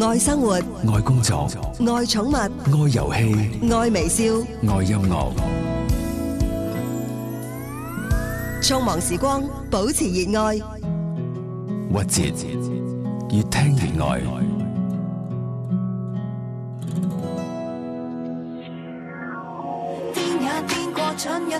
愛生活，愛工作，愛寵物，愛遊戲，愛微笑，愛音樂。匆忙時光，保持熱愛。曲折，越聽越愛。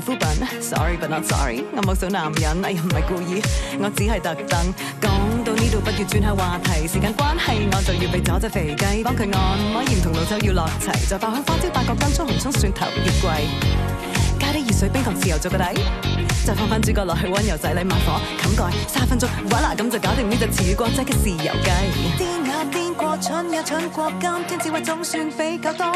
膚品，sorry but not sorry，我冇想男人，哎呀唔係故意，我只係特登。講到呢度，不如轉下話題，時間關係，我就要被咗隻肥雞幫佢按摩，鹽同老酒要落齊，再爆香花椒、八角、乾葱、紅葱、蒜頭、月桂。加啲熱水冰糖，豉油做個底，再放翻主角落去，溫柔仔，禮慢火，冚蓋三分鐘，嘩啦，咁就搞掂呢隻似與瓜汁嘅豉油雞。癲啊癲過春、啊、蠢也蠢過，今天智慧總算比較多，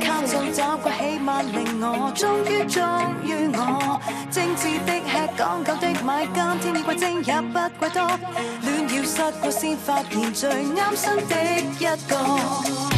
靠著找過，起碼令我終於忠於我。精緻的吃講究的買，今天你貴精也不貴多，亂要失過先發現最啱心的一個。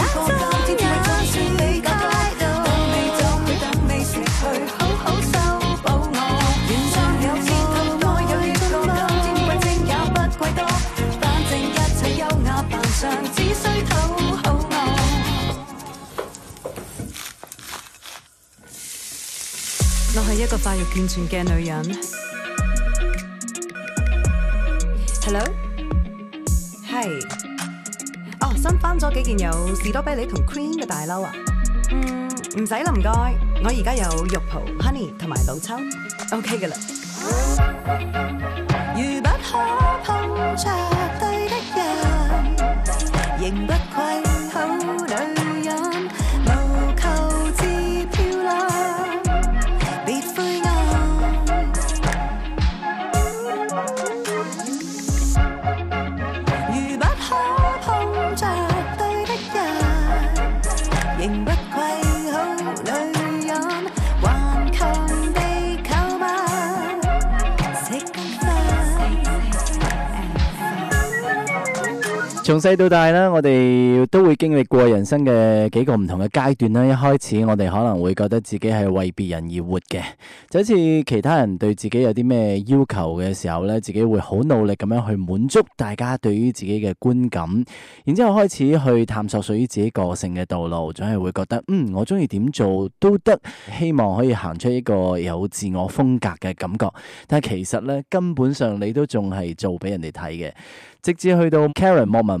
係一個發育健全嘅女人。Hello，Hi，哦，新翻咗幾件有士多啤梨同 cream 嘅大褸啊，唔使啦，唔該。我而家有肉蒲、honey 同埋老抽，OK 㗎啦。從細到大啦，我哋都會經歷過人生嘅幾個唔同嘅階段啦。一開始我哋可能會覺得自己係為別人而活嘅，就好似其他人對自己有啲咩要求嘅時候呢，自己會好努力咁樣去滿足大家對於自己嘅觀感。然之後開始去探索屬於自己個性嘅道路，總係會覺得嗯，我中意點做都得，希望可以行出一個有自我風格嘅感覺。但係其實呢，根本上你都仲係做俾人哋睇嘅，直至去到 Karen 莫文。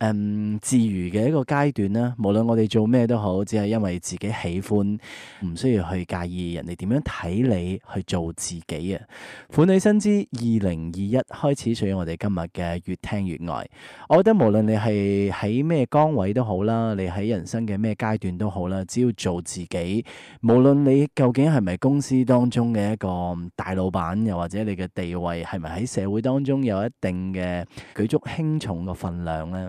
嗯，自如嘅一個階段啦，無論我哋做咩都好，只係因為自己喜歡，唔需要去介意人哋點樣睇你去做自己啊！婦女新知二零二一開始，屬於我哋今日嘅越聽越愛。我覺得無論你係喺咩崗位都好啦，你喺人生嘅咩階段都好啦，只要做自己。無論你究竟係咪公司當中嘅一個大老闆，又或者你嘅地位係咪喺社會當中有一定嘅舉足輕重嘅分量咧？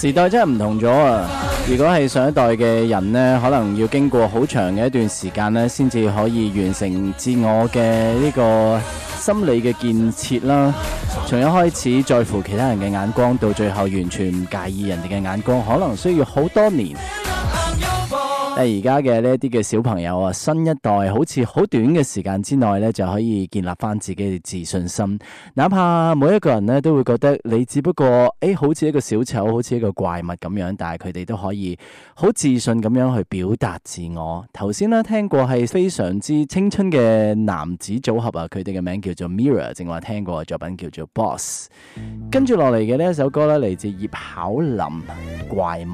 時代真係唔同咗啊！如果係上一代嘅人呢，可能要經過好長嘅一段時間呢，先至可以完成自我嘅呢個心理嘅建設啦。從一開始在乎其他人嘅眼光，到最後完全唔介意人哋嘅眼光，可能需要好多年。誒，而家嘅呢啲嘅小朋友啊，新一代好似好短嘅時間之內咧，就可以建立翻自己嘅自信心。哪怕每一個人咧都會覺得你只不過誒、欸，好似一個小丑，好似一個怪物咁樣，但係佢哋都可以好自信咁樣去表達自我。頭先咧聽過係非常之青春嘅男子組合啊，佢哋嘅名叫做 Mirror，正話聽過嘅作品叫做 Boss。跟住落嚟嘅呢一首歌咧，嚟自葉巧琳《怪物》，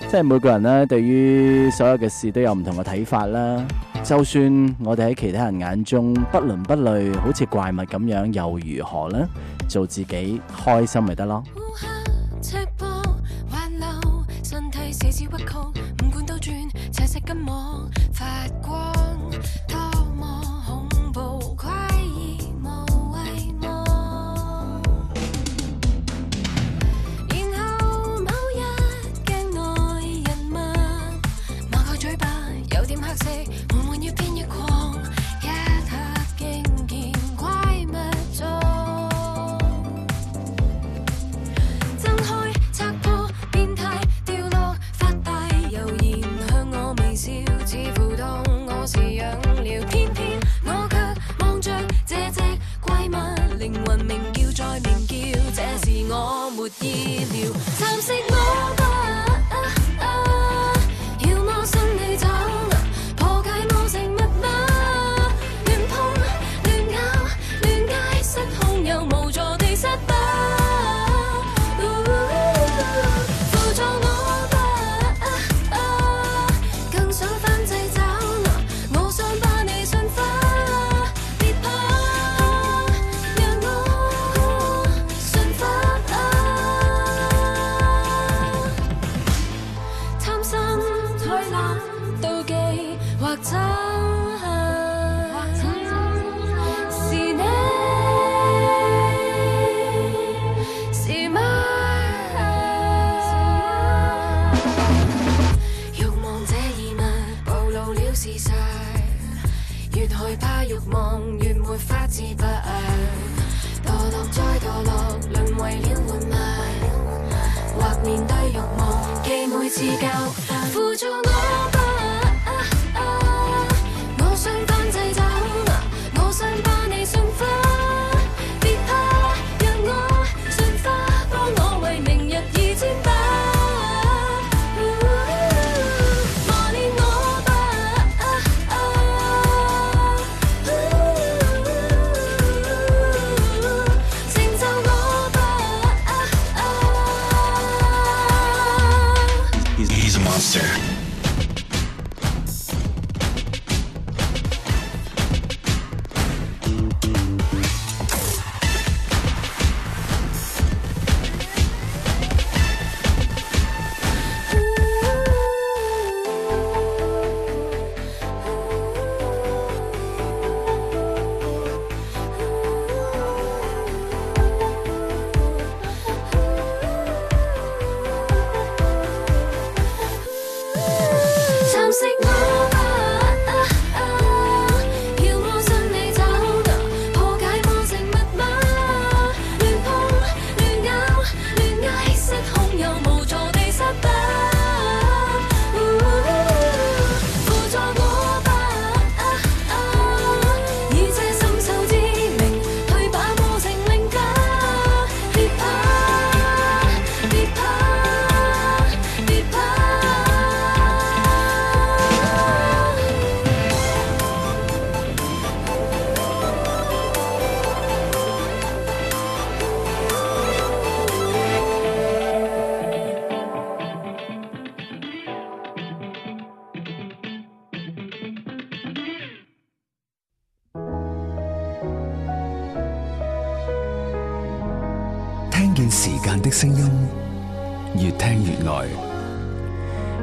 即係每個人咧對於所有嘅事都有唔同嘅睇法啦。就算我哋喺其他人眼中不倫不類，好似怪物咁樣，又如何呢？做自己開心咪得咯。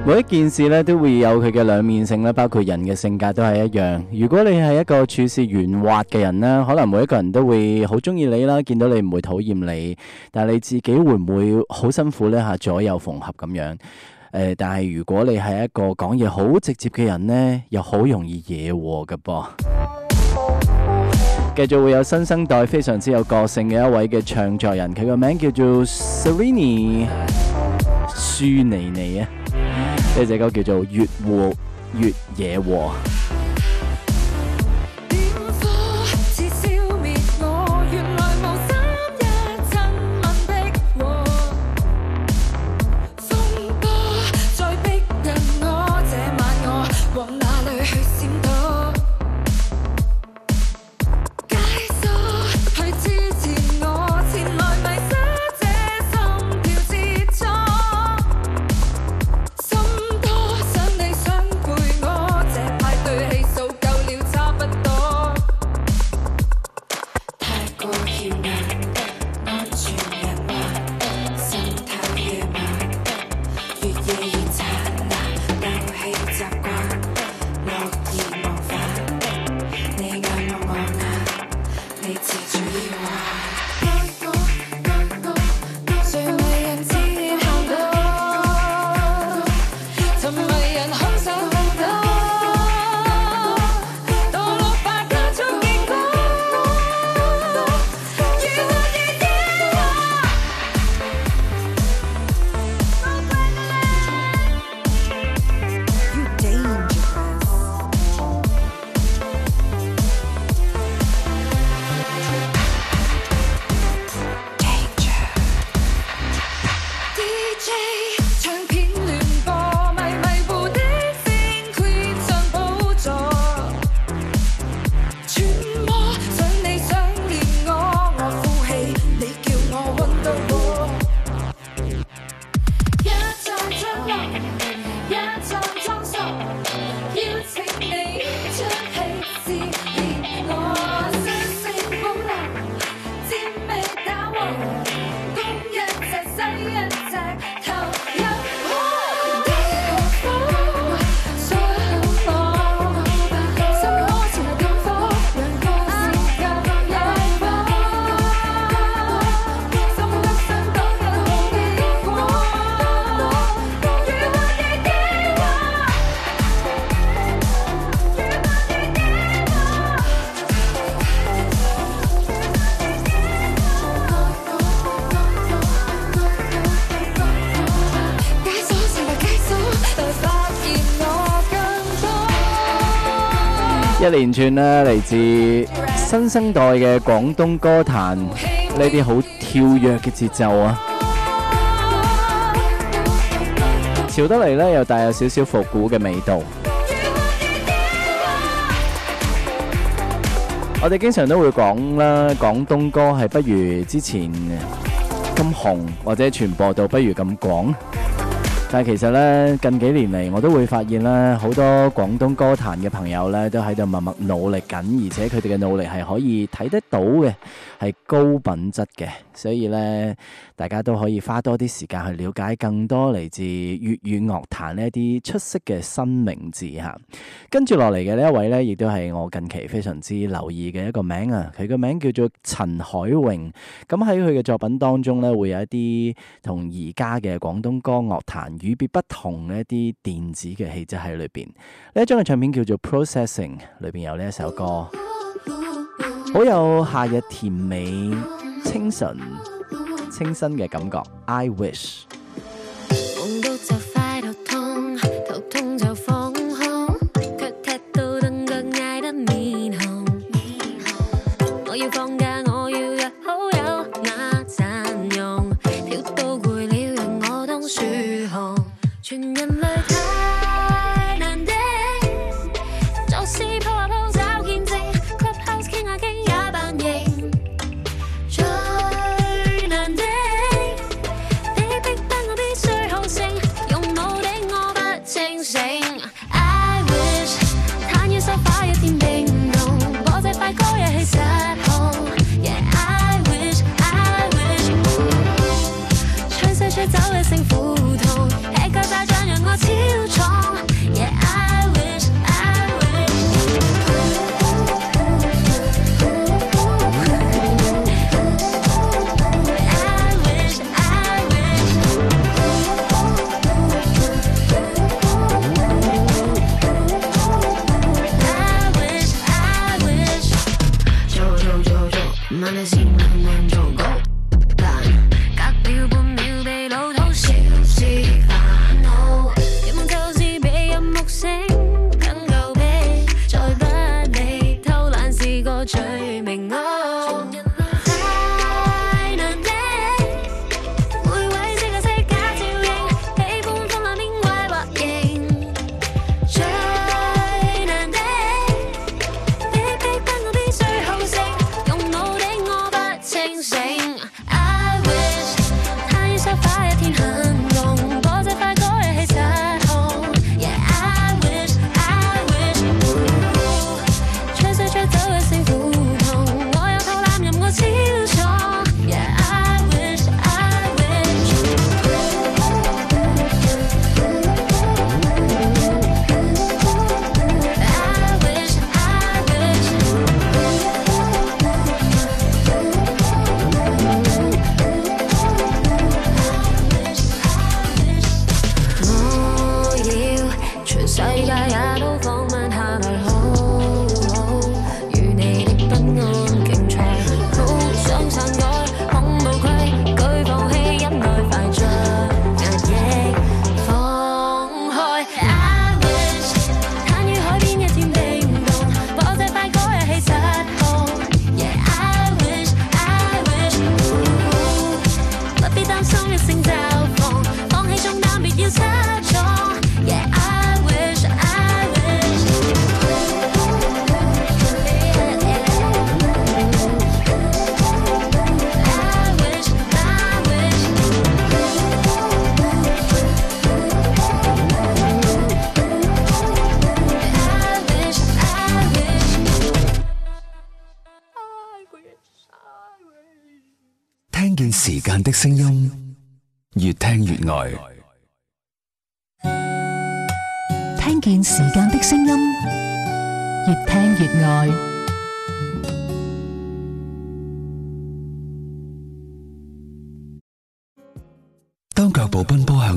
每一件事咧，都會有佢嘅兩面性，包括人嘅性格都係一樣。如果你係一個處事圓滑嘅人，可能每一個人都會好中意你啦，見到你唔會討厭你，但係你自己會唔會好辛苦呢？吓，左右逢合咁樣。誒、呃，但係如果你係一個講嘢好直接嘅人呢，又好容易惹禍㗎噃。繼續會有新生代非常之有個性嘅一位嘅唱作人，佢個名叫做 Serrini 舒妮妮。啊。這首歌叫做《越活越野和》。一連串咧，嚟自新生代嘅廣東歌壇呢啲好跳躍嘅節奏啊，潮得嚟咧又帶有少少復古嘅味道。我哋經常都會講啦，廣東歌係不如之前咁紅，或者傳播到不如咁廣。但係其實咧，近幾年嚟，我都會發現咧，好多廣東歌壇嘅朋友咧，都喺度默默努力緊，而且佢哋嘅努力係可以睇得到嘅，係高品質嘅，所以咧，大家都可以花多啲時間去了解更多嚟自粵語樂壇呢一啲出色嘅新名字吓。跟住落嚟嘅呢一位呢，亦都係我近期非常之留意嘅一個名啊。佢個名叫做陳海榮，咁喺佢嘅作品當中呢，會有一啲同而家嘅廣東歌樂壇。與別不同嘅一啲電子嘅氣質喺裏邊。呢一張嘅唱片叫做 Processing，裏邊有呢一首歌，好有夏日甜美、清純、清新嘅感覺，I wish。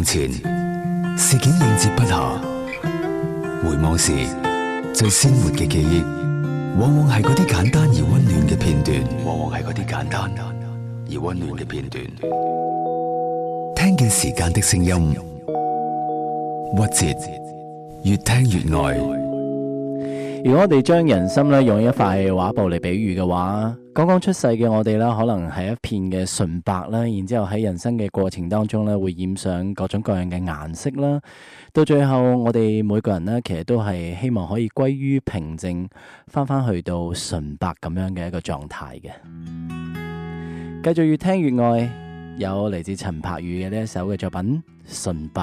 前事件應接不暇，回望時最鮮活嘅記憶，往往係嗰啲簡單而溫暖嘅片段。往往係啲簡單而溫暖嘅片段。聽見時間的聲音，曲折，越聽越愛。如果我哋將人生咧，用一塊畫布嚟比喻嘅話，剛剛出世嘅我哋啦，可能係一片嘅純白啦，然之後喺人生嘅過程當中咧，會染上各種各樣嘅顏色啦。到最後，我哋每個人咧，其實都係希望可以歸於平靜，翻翻去到純白咁樣嘅一個狀態嘅。繼續越聽越愛，有嚟自陳柏宇嘅呢一首嘅作品《純白》。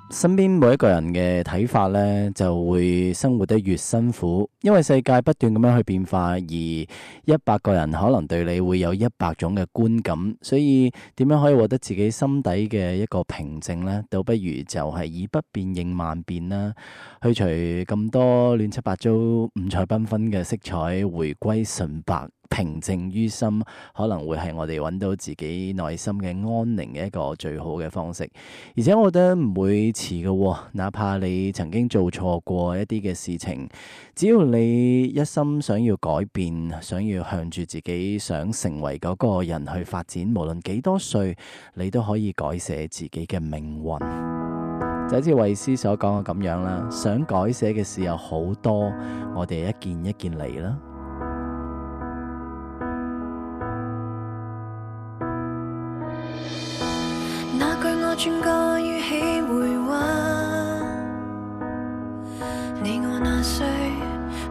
身邊每一個人嘅睇法呢，就會生活得越辛苦，因為世界不斷咁樣去變化，而一百個人可能對你會有一百種嘅觀感，所以點樣可以獲得自己心底嘅一個平靜呢？倒不如就係以不變應萬變啦，去除咁多亂七八糟五彩繽紛嘅色彩，回歸純白。平靜於心，可能會係我哋揾到自己內心嘅安寧嘅一個最好嘅方式。而且我覺得唔會遲嘅，哪怕你曾經做錯過一啲嘅事情，只要你一心想要改變，想要向住自己想成為嗰個人去發展，無論幾多歲，你都可以改寫自己嘅命運。 就似、是、衛斯所講嘅咁樣啦，想改寫嘅事有好多，我哋一件一件嚟啦。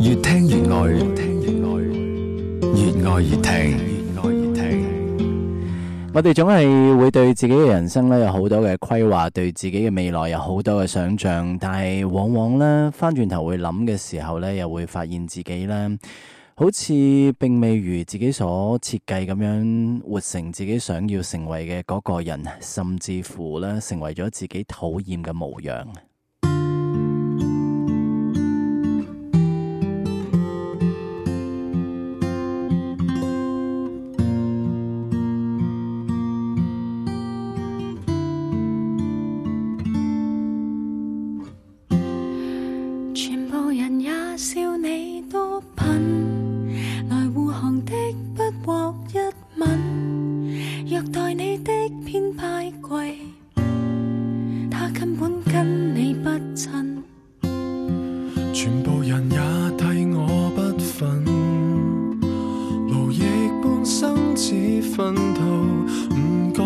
越聽越愛，越聽越愛越聽，越愛越聽。我哋總係會對自己嘅人生呢，有好多嘅規劃，對自己嘅未來有好多嘅想象，但係往往呢，翻轉頭會諗嘅時候呢，又會發現自己呢。好似並未如自己所設計咁樣，活成自己想要成為嘅嗰個人，甚至乎咧，成為咗自己討厭嘅模樣。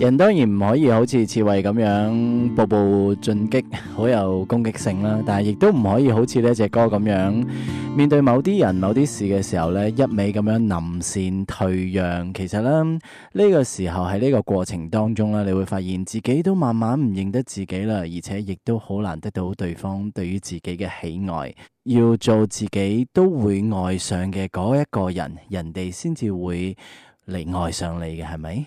人當然唔可以好似刺猬咁樣步步進擊，好有攻擊性啦。但係亦都唔可以好似呢隻歌咁樣，面對某啲人、某啲事嘅時候呢，一味咁樣臨線退讓。其實呢，呢個時候喺呢個過程當中呢，你會發現自己都慢慢唔認得自己啦，而且亦都好難得到對方對於自己嘅喜愛。要做自己都會愛上嘅嗰一個人，人哋先至會嚟愛上你嘅，係咪？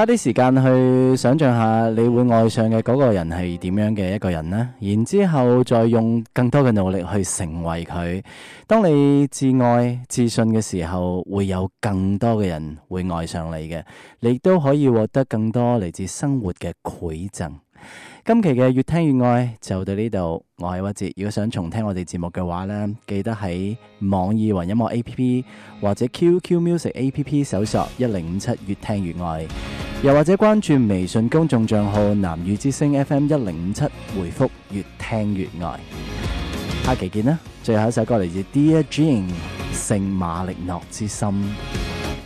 花啲時間去想象下，你會愛上嘅嗰個人係點樣嘅一個人呢？然之後再用更多嘅努力去成為佢。當你自愛、自信嘅時候，會有更多嘅人會愛上你嘅，你都可以獲得更多嚟自生活嘅饋贈。今期嘅越聽越愛就到呢度，我係屈哲。如果想重聽我哋節目嘅話呢，記得喺網易雲音樂 A P P 或者 Q Q Music A P P 搜索一零五七越聽越愛，又或者關注微信公眾賬號南語之星 F M 一零五七，回復越聽越愛。下期見啦！最後一首歌嚟自 Dear Jane，聖馬力諾之心。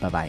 拜拜。